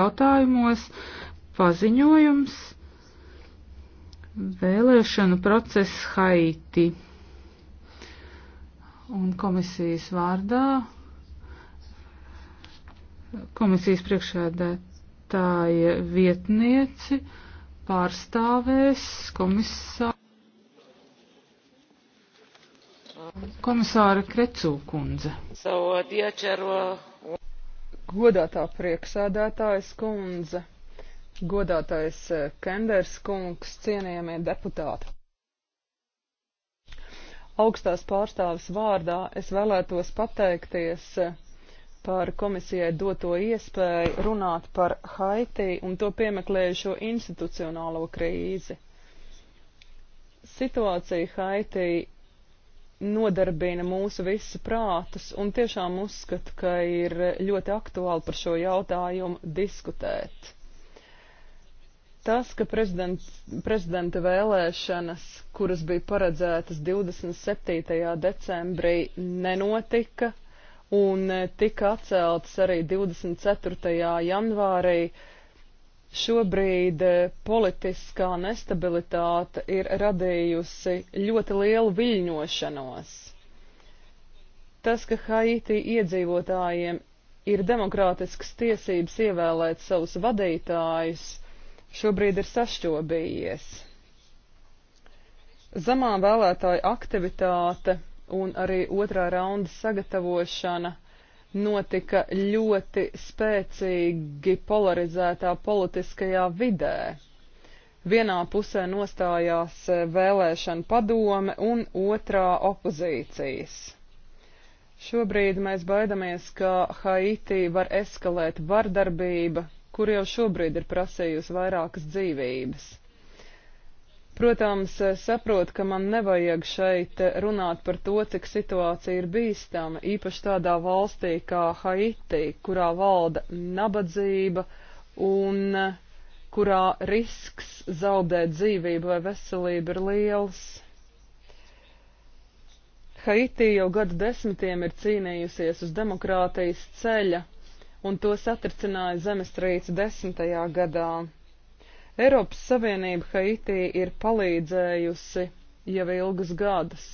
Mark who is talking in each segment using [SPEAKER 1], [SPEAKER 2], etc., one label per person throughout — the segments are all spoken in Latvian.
[SPEAKER 1] jautājumos paziņojums vēlēšanu process Haiti. Un komisijas vārdā, komisijas priekšēdētāja vietnieci pārstāvēs komisāru. Komisāra Krecū kundze. So, uh,
[SPEAKER 2] Godātā prieksēdētājas kundze, godātais e, Kenders kungs, cienījamie deputāti. Augstās pārstāvis vārdā es vēlētos pateikties e, par komisijai doto iespēju runāt par Haiti un to piemeklējušo institucionālo krīzi. Situācija Haiti nodarbina mūsu visu prātus un tiešām uzskatu, ka ir ļoti aktuāli par šo jautājumu diskutēt. Tas, ka prezidenta vēlēšanas, kuras bija paredzētas 27. decembrī, nenotika un tika atceltas arī 24. janvārī, uh, Šobrīd eh, politiskā nestabilitāte ir radījusi ļoti lielu viļņošanos. Tas, ka Haiti iedzīvotājiem ir demokrātisks tiesības ievēlēt savus vadītājus, šobrīd ir sašķobījies. Zamā vēlētāju aktivitāte un arī otrā raunda sagatavošana notika ļoti spēcīgi polarizētā politiskajā vidē. Vienā pusē nostājās eh, vēlēšana padome un otrā opozīcijas. Šobrīd mēs baidamies, ka Haiti var eskalēt vardarbība, kur jau šobrīd ir prasījusi vairākas dzīvības. Protams, eh, saprotu, ka man nevajag šeit eh, runāt par to, cik situācija ir bīstama, īpaši tādā valstī kā Haiti, kurā valda nabadzība un eh, kurā risks zaudēt dzīvību vai veselību ir liels. Haiti jau gadu desmitiem ir cīnījusies uz demokrātijas ceļa, un to satricināja zemestrīce desmitajā gadā Eiropas Savienība Haitī ir palīdzējusi jau ilgas gadas.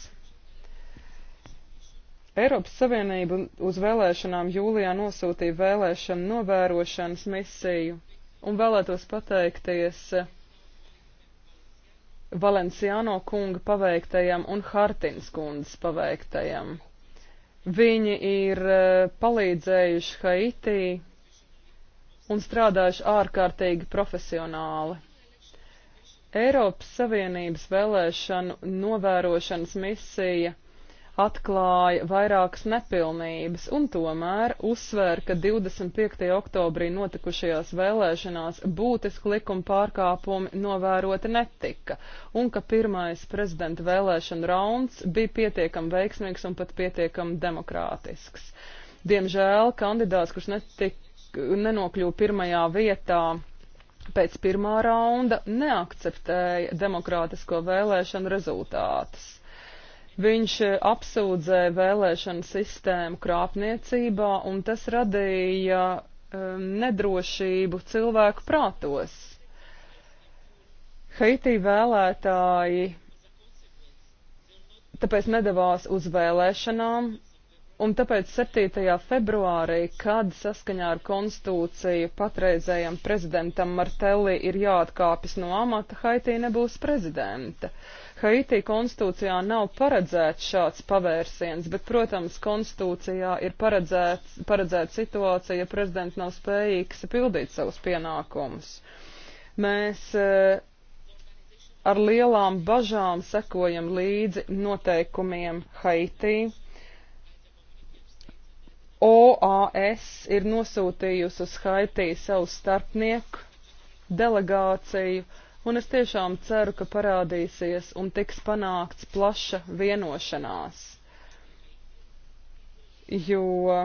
[SPEAKER 2] Eiropas Savienība uz vēlēšanām jūlijā nosūtīja vēlēšanu novērošanas misiju un vēlētos pateikties Valenciāno kunga paveiktajam un Hartins kundas paveiktajam. Viņi ir eh, palīdzējuši Haitī un strādājuši ārkārtīgi profesionāli. Eiropas Savienības vēlēšanu novērošanas misija atklāja vairākas nepilnības un tomēr uzsvēra, ka 25. oktobrī notikušajās vēlēšanās būtiski likuma pārkāpumi novēroti netika un ka pirmais prezidenta vēlēšana rauns bija pietiekam veiksmīgs un pat pietiekam demokrātisks. Diemžēl kandidāts, kurš netik, nenokļuva pirmajā vietā pēc pirmā raunda, neakceptēja demokrātisko vēlēšanu rezultātus. Viņš eh, apsūdzēja vēlēšanu sistēmu krāpniecībā, un tas radīja um, nedrošību cilvēku prātos. Haitī vēlētāji tāpēc nedavās uz vēlēšanām, Un tāpēc 7. februārī, kad saskaņā ar konstitūciju patreizējam prezidentam Martelli ir jāatkāpjas no amata, Haitī nebūs prezidenta. Haitī konstitūcijā nav paredzēts šāds pavērsiens, bet, protams, konstitūcijā ir paredzēts, paredzēta situācija, ja prezidents nav spējīgs pildīt savus pienākumus. Mēs eh, ar lielām bažām sekojam līdzi noteikumiem Haitī OAS ir nosūtījusi uz Haitiju savu starpnieku delegāciju, un es tiešām ceru, ka parādīsies un tiks panākts plaša vienošanās. Jo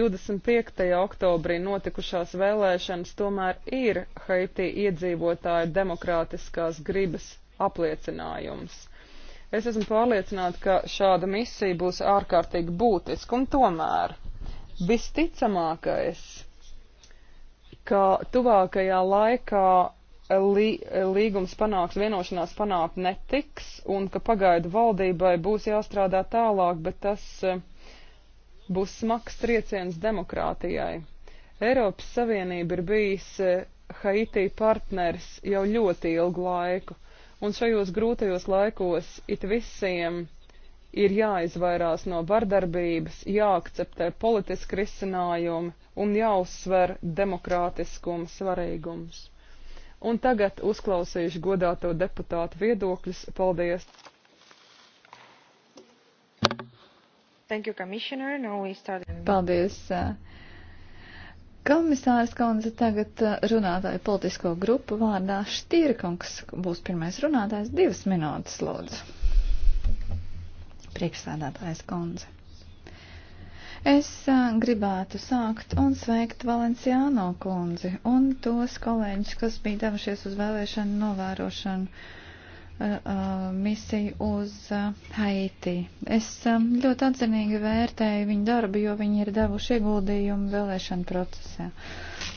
[SPEAKER 2] 25. oktobrī notikušās vēlēšanas tomēr ir Haiti iedzīvotāju demokrātiskās gribas apliecinājums. Es esmu pārliecināta, ka šāda misija būs ārkārtīgi būtiska, un tomēr visticamākais, ka tuvākajā laikā lī, līgums panāks, vienošanās panākt netiks, un ka pagaidu valdībai būs jāstrādā tālāk, bet tas eh, būs smags trieciens demokrātijai. Eiropas Savienība ir bijis eh, Haiti partners jau ļoti ilgu laiku un šajos grūtajos laikos it visiem ir jāizvairās no vardarbības, jāakceptē politiski risinājumi un jāuzsver demokrātiskuma svarīgums. Un tagad uzklausīšu godāto deputātu viedokļus. Paldies! Thank you,
[SPEAKER 3] Commissioner. Now we start... Paldies, Komisārs Konze tagad uh, runātāju politisko grupu vārdā Štīrkungs būs pirmais runātājs divas minūtes lūdzu. Priekšsēdētājs Konze. Es uh, gribētu sākt un sveikt Valenciāno kundzi un tos kolēģus, kas bija devušies uz vēlēšanu novērošanu Uh, uh, misiju uz uh, Haiti. Es um, ļoti atzinīgi vērtēju viņu darbu, jo viņi ir devuši ieguldījumu vēlēšanu procesā.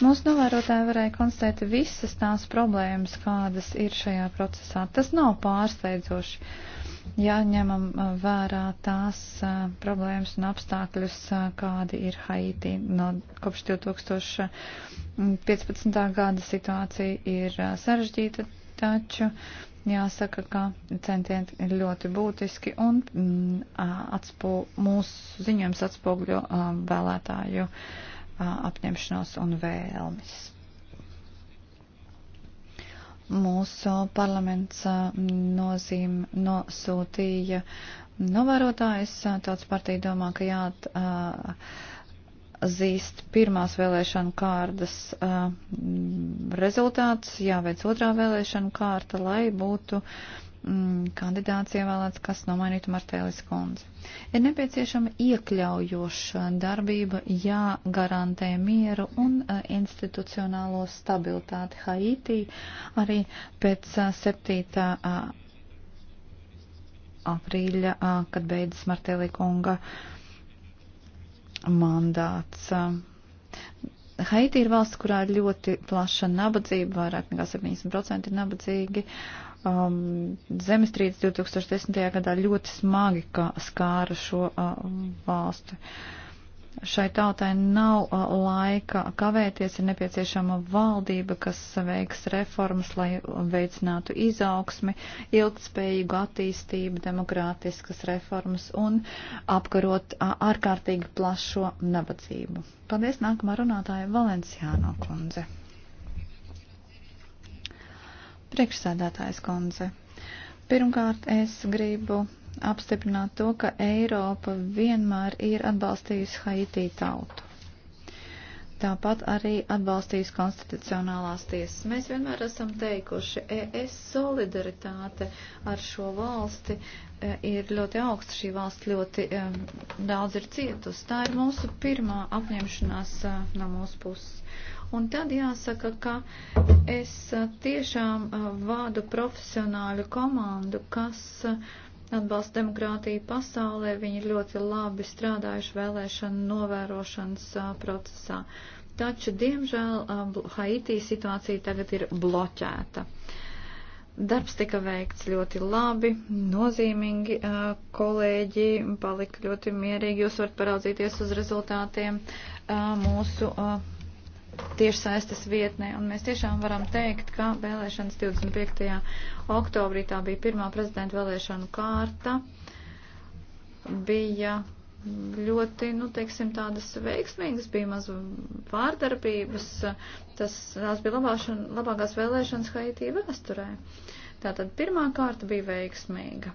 [SPEAKER 3] Mūsu novērotāji varēja konstatēt visas tās problēmas, kādas ir šajā procesā. Tas nav pārsteidzoši, ja ņemam vērā tās problēmas un apstākļus, kādi ir Haiti. No kopš 2015. Mm, gada situācija ir sarežģīta taču jāsaka, ka centieni ir ļoti būtiski un mm, atspū, mūsu ziņojums atspoguļo vēlētāju apņemšanos un vēlmis. Mūsu parlaments nozīm nosūtīja novērotājs, tāds partija domā, ka jāt. Uh, jāzīst pirmās vēlēšana kārdas uh, rezultāts, jāveic otrā vēlēšana kārta, lai būtu mm, kandidāts ievēlēts, kas nomainītu Martēlis Kondzi. Ir nepieciešama iekļaujoša darbība, jāgarantē mieru un uh, institucionālo stabilitāti Haitī arī pēc uh, 7. Uh, aprīļa, uh, kad beidzas Martēlī Konga. Uh, mandāts. Haiti ir valsts, kurā ir ļoti plaša nabadzība, vairāk nekā 70% ir nabadzīgi. Um, zemestrīce 2010. gadā ļoti smagi kā, skāra šo uh, valstu. Uh, Šai tautai nav uh, laika kavēties, ir nepieciešama valdība, kas veiks reformas, lai veicinātu izaugsmi, ilgtspējīgu attīstību, demokrātiskas reformas un apkarot uh, ārkārtīgi plašo nabadzību. Paldies nākamā runātāja Valenciāno kundze. Priekšsēdētājs kundze. Pirmkārt, es gribu apstiprināt to, ka Eiropa vienmēr ir atbalstījusi Haitī tautu. Tāpat arī atbalstījis konstitucionālās tiesas. Mēs vienmēr esam teikuši, e ES solidaritāte ar šo valsti e, ir ļoti augsta. Šī valsts ļoti e, daudz ir cietusi. Tā ir mūsu pirmā apņemšanās no mūsu puses. Un tad jāsaka, ka es tiešām vādu profesionāļu komandu, kas uh, atbalsta demokrātiju pasaulē, viņi ir ļoti labi strādājuši vēlēšanu novērošanas procesā. Taču, diemžēl, Haitī situācija tagad ir bloķēta. Darbs tika veikts ļoti labi, nozīmīgi, kolēģi palika ļoti mierīgi, jūs varat paraudzīties uz rezultātiem mūsu tiešsaistes vietnē. Un mēs tiešām varam teikt, ka vēlēšanas 25. oktobrī tā bija pirmā prezidenta vēlēšanu kārta. Bija ļoti, nu, teiksim, tādas veiksmīgas bija maz pārdarbības. Tas, tās bija labāšana, labākās vēlēšanas Haitī vēsturē. Tātad pirmā kārta bija veiksmīga.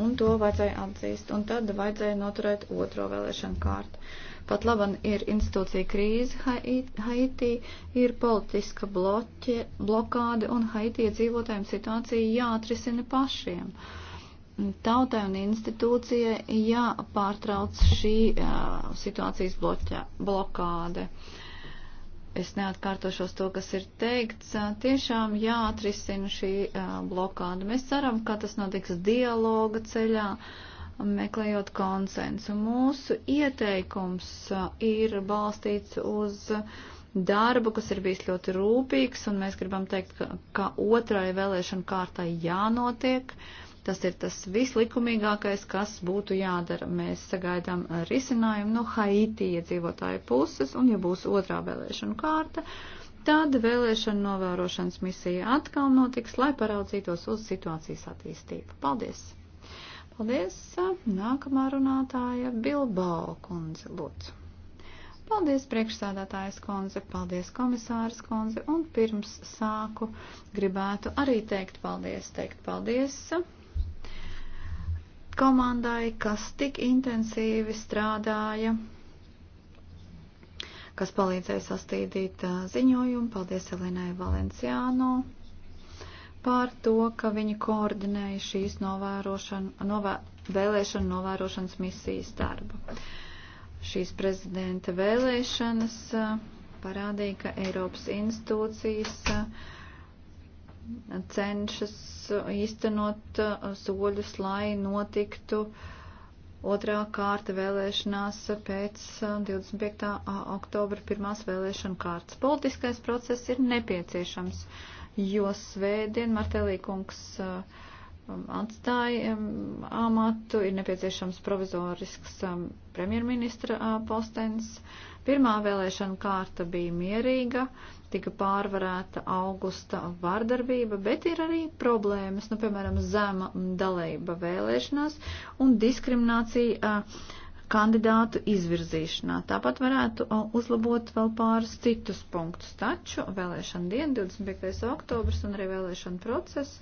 [SPEAKER 3] Un to vajadzēja atzīst. Un tad vajadzēja noturēt otro vēlēšanu kārtu. Pat laban ir institūcija krīze Haitī, ir politiska bloķe, blokāde un Haitī dzīvotājiem situācija jāatrisina pašiem. Tautai un institūcijai jāpārtrauc šī uh, situācijas bloķa, blokāde. Uh, es neatkārtošos to, kas ir teikts, tiešām jāatrisina šī blokāda. Mēs ceram, ka tas notiks dialoga ceļā. Uh, meklējot konsensu. Mūsu ieteikums ir balstīts uz darbu, kas ir bijis ļoti rūpīgs, un mēs gribam teikt, ka, ka otrai vēlēšana kārtai jānotiek. Tas ir tas vislikumīgākais, kas būtu jādara. Mēs sagaidām risinājumu no Haiti iedzīvotāju puses, un ja būs otrā vēlēšana kārta, tad vēlēšana novērošanas misija atkal notiks, lai paraudzītos uz situācijas attīstību. Paldies! Paldies. Nākamā runātāja Bilbao kundze, lūdzu. Paldies priekšsādātājas kundze, paldies komisāras kundze, un pirms sāku gribētu arī teikt paldies, teikt paldies komandai, kas tik intensīvi strādāja, kas palīdzēja sastīdīt ziņojumu. Paldies Elinai Valenciāno par to, ka viņi koordinēja šīs novērošana, novē, vēlēšana novērošanas misijas darbu. Šīs prezidenta vēlēšanas uh, parādīja, ka Eiropas institūcijas uh, cenšas uh, īstenot soļus, lai notiktu otrā kārta vēlēšanās pēc 25. oktobra pirmās vēlēšana kārtas. Politiskais process ir nepieciešams jo svētdien Martelī kungs uh, um, atstāja um, amatu, ir nepieciešams provizorisks um, premjerministra uh, postens. Pirmā vēlēšana kārta bija mierīga, tika pārvarēta augusta vardarbība, bet ir arī problēmas, nu, piemēram, zema dalība vēlēšanās un diskriminācija. Uh, kandidātu izvirzīšanā. Tāpat varētu uzlabot vēl pāris citus punktus. Taču vēlēšana diena, 25. oktobrs un arī vēlēšana process,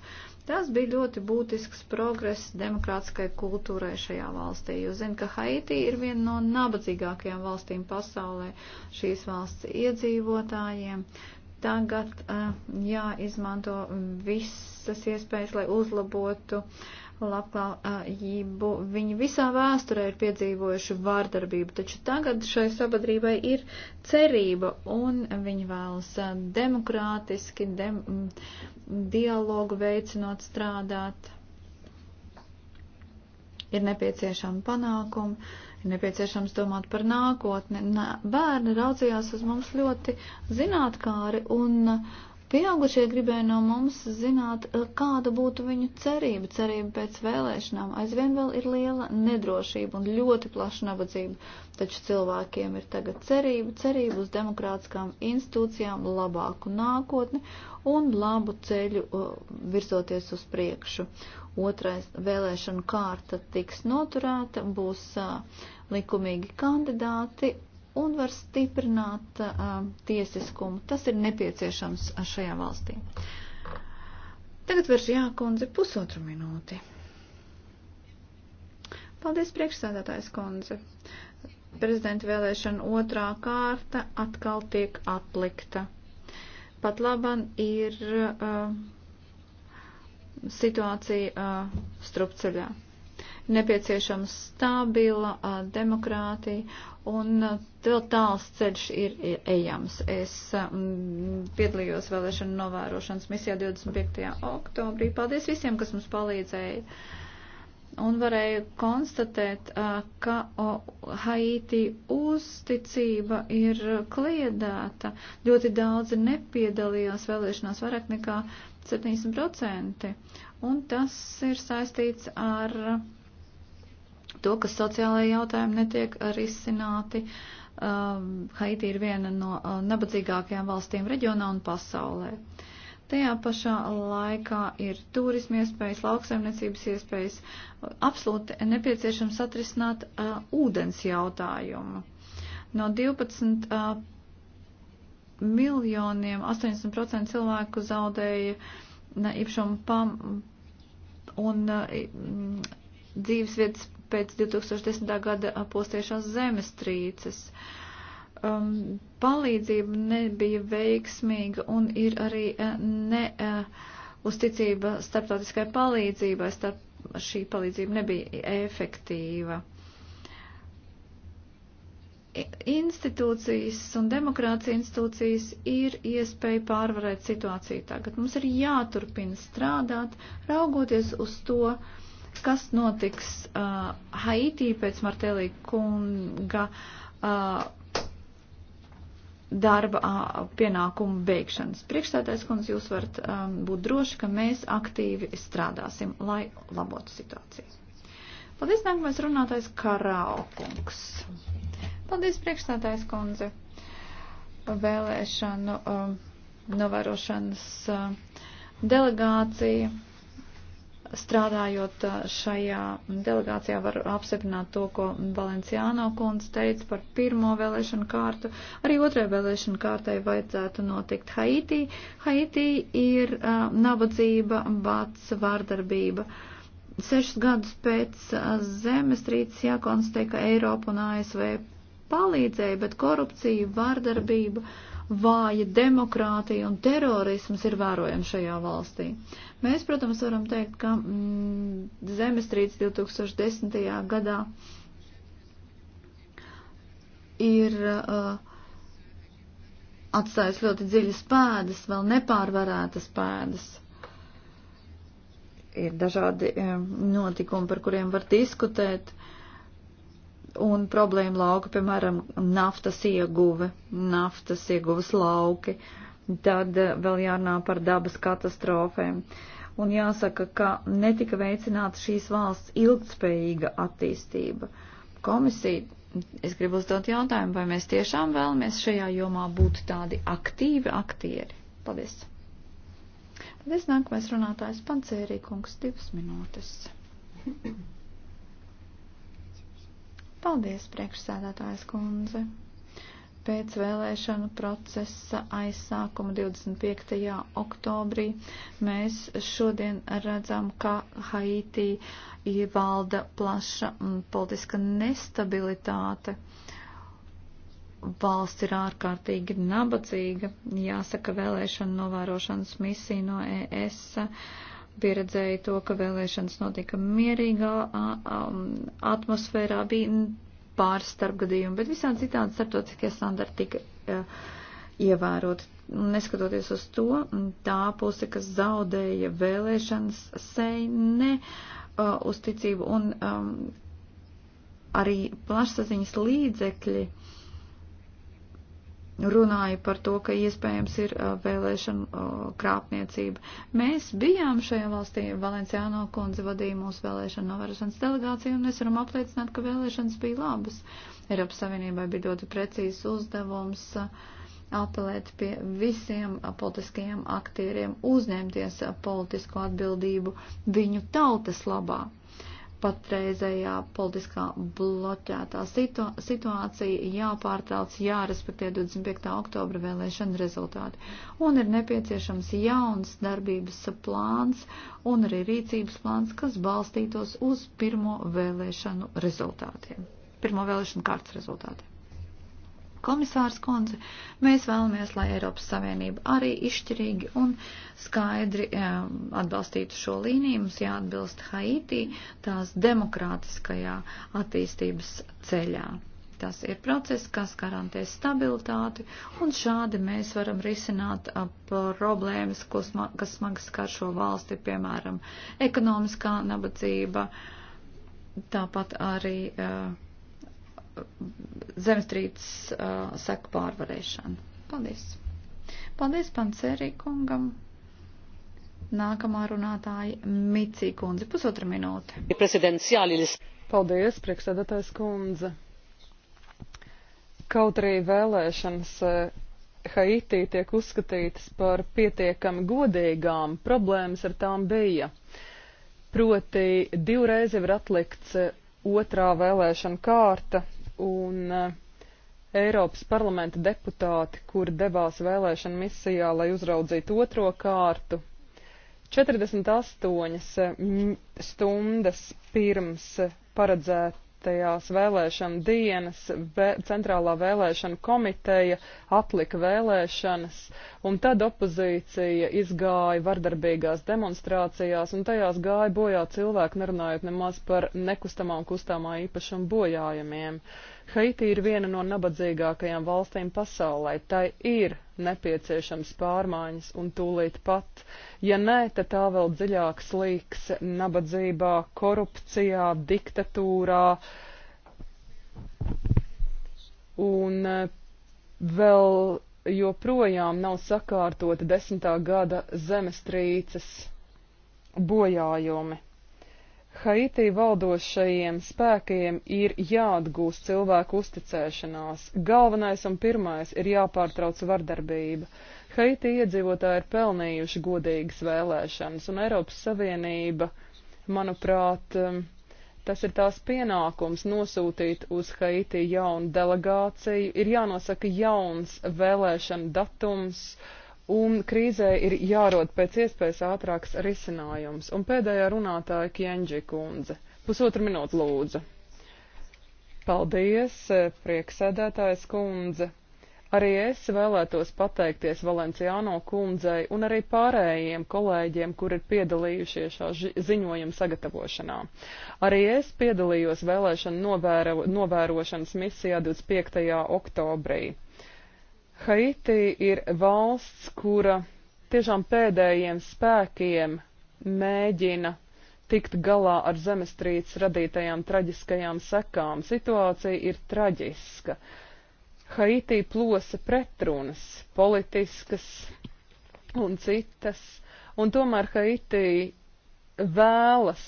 [SPEAKER 3] tas bija ļoti būtisks progress demokrātiskai kultūrai šajā valstī. Jūs zināt, ka Haiti ir viena no nabadzīgākajām valstīm pasaulē šīs valsts iedzīvotājiem. Tagad uh, jāizmanto visas iespējas, lai uzlabotu uh, labklājību. Viņi visā vēsturē ir piedzīvojuši vārdarbību, taču tagad šai sabiedrībai ir cerība un viņi vēlas eh, demokrātiski, dem, mm, dialogu veicinot strādāt. Ir nepieciešama panākuma, ir nepieciešams domāt par nākotni. Bērni raudzījās uz mums ļoti zinātkāri un uh, Pieaugušie gribēja no mums zināt, eh, kāda būtu viņu cerība, cerība pēc vēlēšanām. Aizvien vēl ir liela nedrošība un ļoti plaša nabadzība, taču cilvēkiem ir tagad cerība, cerība uz demokrātiskām institūcijām, labāku nākotni un labu ceļu eh, virzoties uz priekšu. Otrais vēlēšanu kārta tiks noturēta, būs eh, likumīgi kandidāti un var stiprināt uh, tiesiskumu. Tas ir nepieciešams šajā valstī. Tagad vairs jākundze pusotru minūti. Paldies, priekšsēdētājs kundze. Prezidenta vēlēšana otrā kārta atkal tiek atlikta. Pat laban ir uh, situācija uh, strupceļā nepieciešama stabila demokrātija un vēl tāls ceļš ir ejams. Es piedalījos vēlēšanu novērošanas misijā 25. oktobrī. Paldies visiem, kas mums palīdzēja. Un varēju konstatēt, ka Haiti uzticība ir kliedēta. Ļoti daudzi nepiedalījās vēlēšanās vairāk nekā 70%. Un tas ir saistīts ar to, ka sociālajie jautājumi netiek risināti. Um, Haiti ir viena no uh, nabadzīgākajām valstīm reģionā un pasaulē. Tajā pašā laikā ir turismu iespējas, lauksaimniecības iespējas. Absolūti nepieciešams atrisināt uh, ūdens jautājumu. No 12 uh, miljoniem 80% cilvēku zaudēja īpašumu pam un uh, mm, dzīvesvietas pēc 2010. gada postiešanas zemestrīces. Um, palīdzība nebija veiksmīga un ir arī eh, ne uh, uzticība starptautiskai palīdzībai, starp šī palīdzība nebija efektīva institūcijas un demokrātija institūcijas ir iespēja pārvarēt situāciju tagad. Mums ir jāturpina strādāt, raugoties uz to, uh, kas notiks uh, Haitī pēc Martelī kunga uh, darba uh, pienākumu beigšanas. Priekšstādājs kundze, jūs varat um, būt droši, ka mēs aktīvi strādāsim, lai labotu situāciju. Paldies, nākamais runātais Karao kungs. Paldies, priekšstādājs kundze. Vēlēšanu um, novērošanas uh, delegācija strādājot šajā delegācijā, var apstiprināt to, ko Valenciāno kundze teica par pirmo vēlēšanu kārtu. Arī otrai vēlēšanu kārtai vajadzētu notikt Haitī. Haitī ir uh, nabadzība, bats, vārdarbība. Sešus gadus pēc zemestrīces jākonstatē, ka Eiropa un ASV palīdzēja, bet korupcija, vārdarbība. Uh, vāja demokrātija un terorisms ir vērojami šajā valstī. Mēs, protams, varam teikt, ka mm, zemestrīce 2010. gadā ir uh, atstājis ļoti dziļas pēdas, vēl nepārvarētas pēdas. Ir dažādi um, notikumi, par kuriem var diskutēt un problēma lauka, piemēram, naftas ieguve, naftas ieguves lauki, tad eh, vēl jārunā par dabas katastrofēm. Un jāsaka, ka netika veicināta šīs valsts ilgtspējīga attīstība. Komisija, es gribu uzdot jautājumu, vai mēs tiešām vēlamies šajā jomā būt tādi aktīvi aktieri. Paldies! Paldies, nākamais runātājs Pancērī kungs, divas minūtes. Thank you. Paldies, priekšsēdētājas kundze! Pēc vēlēšanu procesa aizsākuma 25. oktobrī mēs šodien redzam, ka Haitī ievalda plaša politiska nestabilitāte valsts ir ārkārtīgi nabadzīga. Jāsaka, vēlēšana novērošanas misija no ES pieredzēja to, ka vēlēšanas notika mierīgā um, atmosfērā, bija pāris starpgadījumi, bet visādi citādi starptautiskie standarti tika uh, ievēroti. Neskatoties uz to, tā puse, kas zaudēja vēlēšanas, sei ne uh, uzticību un um, arī plašsaziņas līdzekļi uh, runāja par to, ka iespējams ir uh, vēlēšana uh, krāpniecība. Mēs bijām šajā valstī, Valenciāno kundze vadīja mūsu vēlēšana novērošanas delegāciju, un mēs varam apliecināt, ka vēlēšanas bija labas. Eiropas Savienībai bija ļoti precīzs uzdevums uh, apelēt pie visiem politiskajiem aktieriem, uzņemties politisko atbildību viņu tautas labā patreizējā politiskā bloķētā situ situācija jāpārtrauc, jārespektē 25. oktobra vēlēšana rezultāti. Un ir nepieciešams jauns darbības plāns un arī rīcības plāns, kas balstītos uz pirmo vēlēšanu rezultātiem. Pirmo vēlēšanu kārtas rezultātiem. Komisārs Konze, mēs vēlamies, lai Eiropas Savienība arī izšķirīgi un skaidri um, atbalstītu šo līniju. Mums jāatbilst Haitī tās demokrātiskajā attīstības ceļā. Tas ir process, kas garantē stabilitāti, un šādi mēs varam risināt problēmas, kas smagi skar šo valsti, piemēram, ekonomiskā nabadzība, tāpat arī uh, zemestrīces uh, seku pārvarēšanu. Paldies! Paldies Pancerī kungam! Nākamā runātāja Micī kundze, pusotra minūte. Paldies, priekšsēdētājs
[SPEAKER 2] kundze. Kaut arī vēlēšanas Haitī tiek uzskatītas par pietiekami godīgām, problēmas ar tām bija. Proti divreiz jau ir atlikts otrā vēlēšana kārta, un eh, Eiropas parlamenta deputāti, kuri devās vēlēšana misijā, lai uzraudzītu otro kārtu, 48 eh, stundas pirms eh, paredzēt tajās vēlēšana dienas vē, centrālā vēlēšana komiteja atlika vēlēšanas, un tad opozīcija izgāja vardarbīgās demonstrācijās, un tajās gāja bojā cilvēki, nerunājot nemaz par nekustamā un kustāmā īpašuma bojājumiem. Uh, Haiti ir viena no nabadzīgākajām valstīm pasaulē. Tai ir nepieciešams pārmaiņas un tūlīt pat. Ja nē, tad tā vēl dziļāk slīks nabadzībā, korupcijā, diktatūrā un eh, vēl joprojām nav sakārtota desmitā gada zemestrīces bojājumi. Haitī valdošajiem spēkiem ir jāatgūst cilvēku uzticēšanās. Galvenais un pirmais ir jāpārtrauc vardarbība. Haitī iedzīvotāji ir pelnījuši godīgas vēlēšanas, un Eiropas Savienība, manuprāt, um, tas ir tās pienākums nosūtīt uz Haiti jaunu delegāciju, ir jānosaka jauns vēlēšana datums, uh, un krīzē ir jārod pēc iespējas ātrāks risinājums. Un pēdējā runātāja Kienģi kundze. Pusotru minūtu lūdzu. Paldies, prieksēdētājs kundze. Arī es vēlētos pateikties Valenciāno kundzei un arī pārējiem kolēģiem, kur ir piedalījušies šā ziņojuma sagatavošanā. Arī es piedalījos vēlēšanu novēro, novērošanas misijā 25. oktobrī. Haiti ir valsts, kura tiešām pēdējiem spēkiem mēģina tikt galā ar zemestrīces radītajām traģiskajām sekām. Situācija ir traģiska. Haitī plosa pretrunas, politiskas un citas, un tomēr Haitī vēlas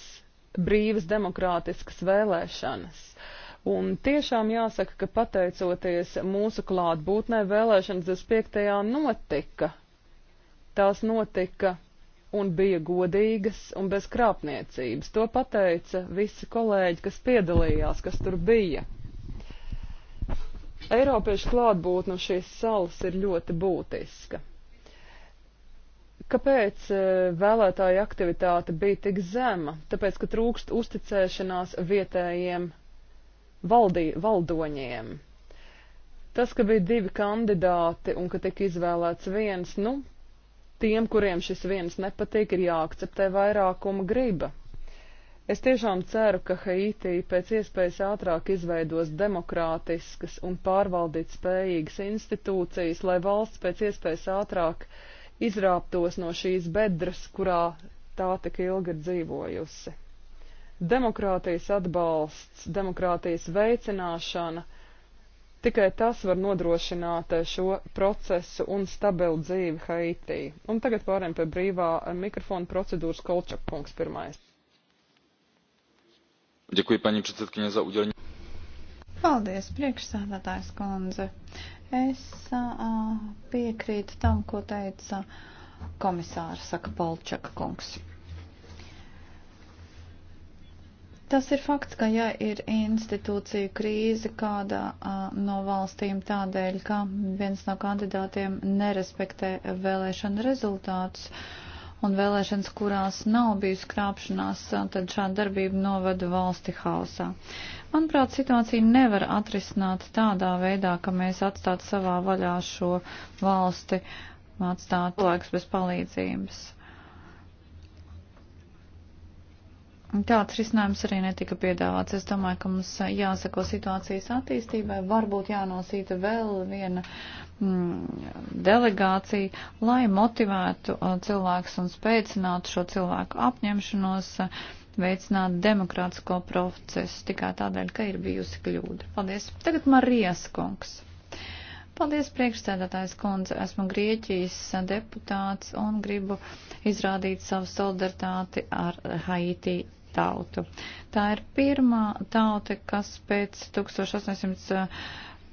[SPEAKER 2] brīvas demokrātiskas vēlēšanas. Uh, Un tiešām jāsaka, ka pateicoties mūsu klātbūtnē vēlēšanas 25. notika. Tās notika un bija godīgas un bez krāpniecības. To pateica visi kolēģi, kas piedalījās, kas tur bija. Eiropiešu klātbūtne uz šīs salas ir ļoti būtiska kāpēc e, vēlētāja aktivitāte bija tik zema? Tāpēc, ka trūkst uzticēšanās vietējiem valdī, valdoņiem. Tas, ka bija divi kandidāti un ka tika izvēlēts viens, nu, tiem, kuriem šis viens nepatīk, ir jāakceptē vairākuma griba. Es tiešām ceru, ka Haiti pēc iespējas ātrāk izveidos demokrātiskas un pārvaldīt spējīgas institūcijas, lai valsts pēc iespējas ātrāk izrāptos no šīs bedras, kurā tā tik ilgi ir dzīvojusi. Demokrātijas atbalsts, demokrātijas veicināšana, tikai tas var nodrošināt šo procesu un stabilu dzīvi Haitī. Un tagad pārējām pie brīvā mikrofona procedūras Kolčak kungs pirmais. Děkuji, paní předsedkyně, za udělení.
[SPEAKER 3] Paldies, priekšsādātājs kundze. Es uh, piekrītu tam, ko teica komisārs, saka Polčaka kungs. Tas ir fakts, ka ja ir institūciju krīze kādā no valstīm tādēļ, ka viens no kandidātiem nerespektē vēlēšana rezultātus un vēlēšanas, kurās nav bijusi krāpšanās, tad šāda darbība novada valsti hausā. Manuprāt, situācija nevar atrisināt tādā veidā, ka mēs atstātu savā vaļā šo valsti, atstātu cilvēkus bez palīdzības. Uh, Tāds risinājums arī netika piedāvāts. Es domāju, ka mums jāsako situācijas attīstībai, varbūt jānosīta vēl viena mm, delegācija, lai motivētu uh, cilvēkus un spēcinātu šo cilvēku apņemšanos uh, veicināt demokrātisko procesu tikai tādēļ, ka ir bijusi kļūda. Paldies. Tagad Marijas kungs. Paldies, priekšsēdētājs kundze. Esmu Grieķijas uh, deputāts un gribu izrādīt savu solidaritāti ar Haiti tautu. Tā ir pirmā tauta, kas pēc 1800.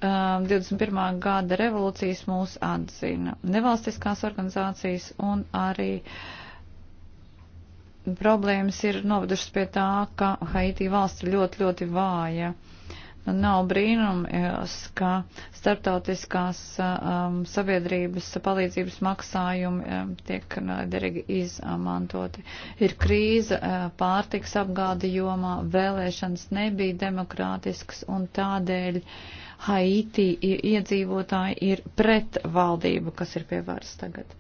[SPEAKER 3] 21. gada revolūcijas mūs atzina. Nevalstiskās organizācijas un arī problēmas ir novedušas pie tā, ka Haiti valsts ir ļoti, ļoti vāja. Uh, Nu, nav brīnums, eh, ka starptautiskās eh, um, sabiedrības palīdzības maksājumi um, tiek derīgi izmantoti. Ir krīze uh, pārtiks apgāde jomā, vēlēšanas nebija demokrātiskas un tādēļ Haiti iedzīvotāji ir pret valdību, kas ir pie varas tagad.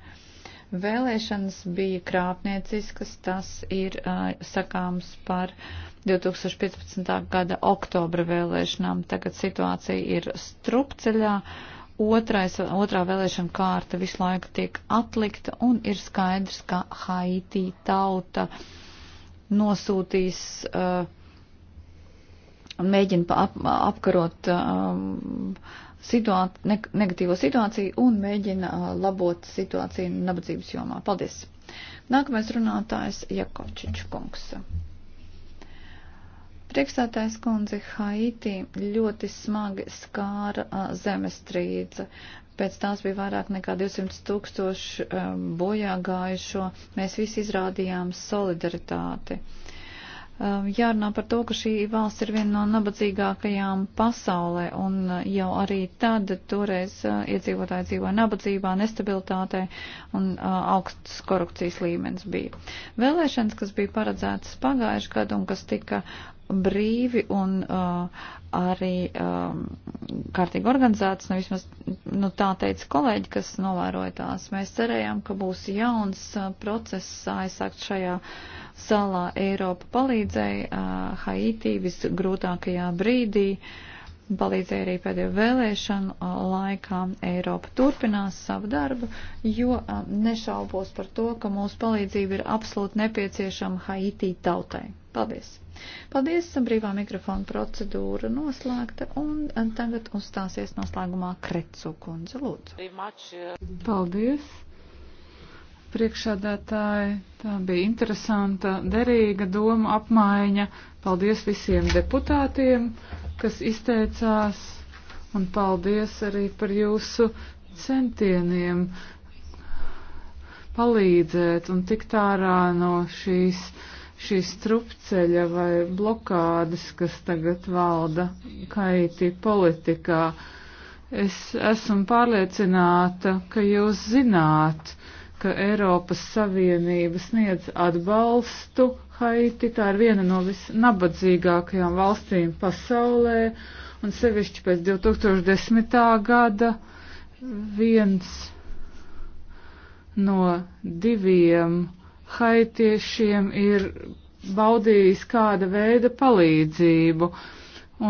[SPEAKER 3] Vēlēšanas bija krāpnieciskas, tas ir uh, sakāms par 2015. gada oktobra vēlēšanām. Tagad situācija ir strupceļā. Otrais, otrā vēlēšana kārta visu laiku tiek atlikta un ir skaidrs, ka Haitī tauta nosūtīs uh, un mēģina ap, apkarot um, uh, situāt, ne, negatīvo situāciju un mēģina uh, labot situāciju nabadzības jomā. Paldies! Nākamais runātājs Jakovčiču kungs. Priekšsētājs kundze Haiti ļoti smagi skāra uh, zemestrīce. Pēc tās bija vairāk nekā 200 tūkstoši um, bojā gājušo. Mēs visi izrādījām solidaritāti. Uh, Um, jārunā par to, ka šī valsts ir viena no nabadzīgākajām pasaulē, un uh, jau arī tad toreiz uh, iedzīvotāji dzīvoja nabadzībā, nestabilitātē, un uh, augsts korupcijas līmenis bija. Vēlēšanas, kas bija paredzētas pagājuši gadu un kas tika brīvi un uh, arī um, kārtīgi organizētas, nu vismaz nu, tā teica kolēģi, kas novēroja tās. Mēs cerējām, ka būs jauns uh, process aizsākt šajā salā. Eiropa palīdzēja uh, Haiti visgrūtākajā brīdī. Uh, palīdzēja arī pēdējo vēlēšanu laikā. Eiropa turpinās savu darbu, jo nešaubos par to, ka mūsu palīdzība ir absolūti nepieciešama Haitī tautai. Paldies! Paldies, brīvā mikrofona procedūra noslēgta,
[SPEAKER 1] un tagad uzstāsies noslēgumā Kretsu kundze, lūdzu. Uh, Paldies! priekšādātāji. Tā bija interesanta, derīga doma apmaiņa. Paldies visiem deputātiem kas izteicās, un paldies arī par jūsu centieniem palīdzēt un tikt ārā no šīs, šīs trupceļa vai blokādes, kas tagad valda kaiti politikā. Es esmu pārliecināta, ka jūs zināt, ka Eiropas Savienība sniedz atbalstu Haiti tā ir viena no visnabadzīgākajām valstīm pasaulē, un sevišķi pēc 2010. gada viens no diviem haitiešiem ir baudījis kāda veida palīdzību.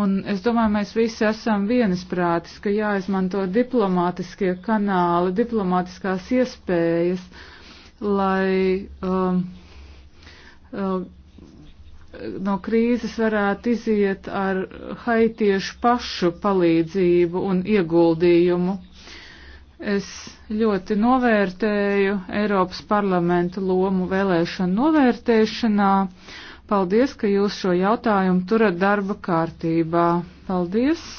[SPEAKER 1] Un es domāju, mēs visi esam vienisprātis, ka jāizmanto diplomātiskie kanāli, diplomātiskās iespējas, lai um, Uh, no krīzes varētu iziet ar haitiešu pašu palīdzību un ieguldījumu. Es ļoti novērtēju Eiropas parlamenta lomu vēlēšanu novērtēšanā. Paldies, ka jūs šo jautājumu turat darba kārtībā. Paldies!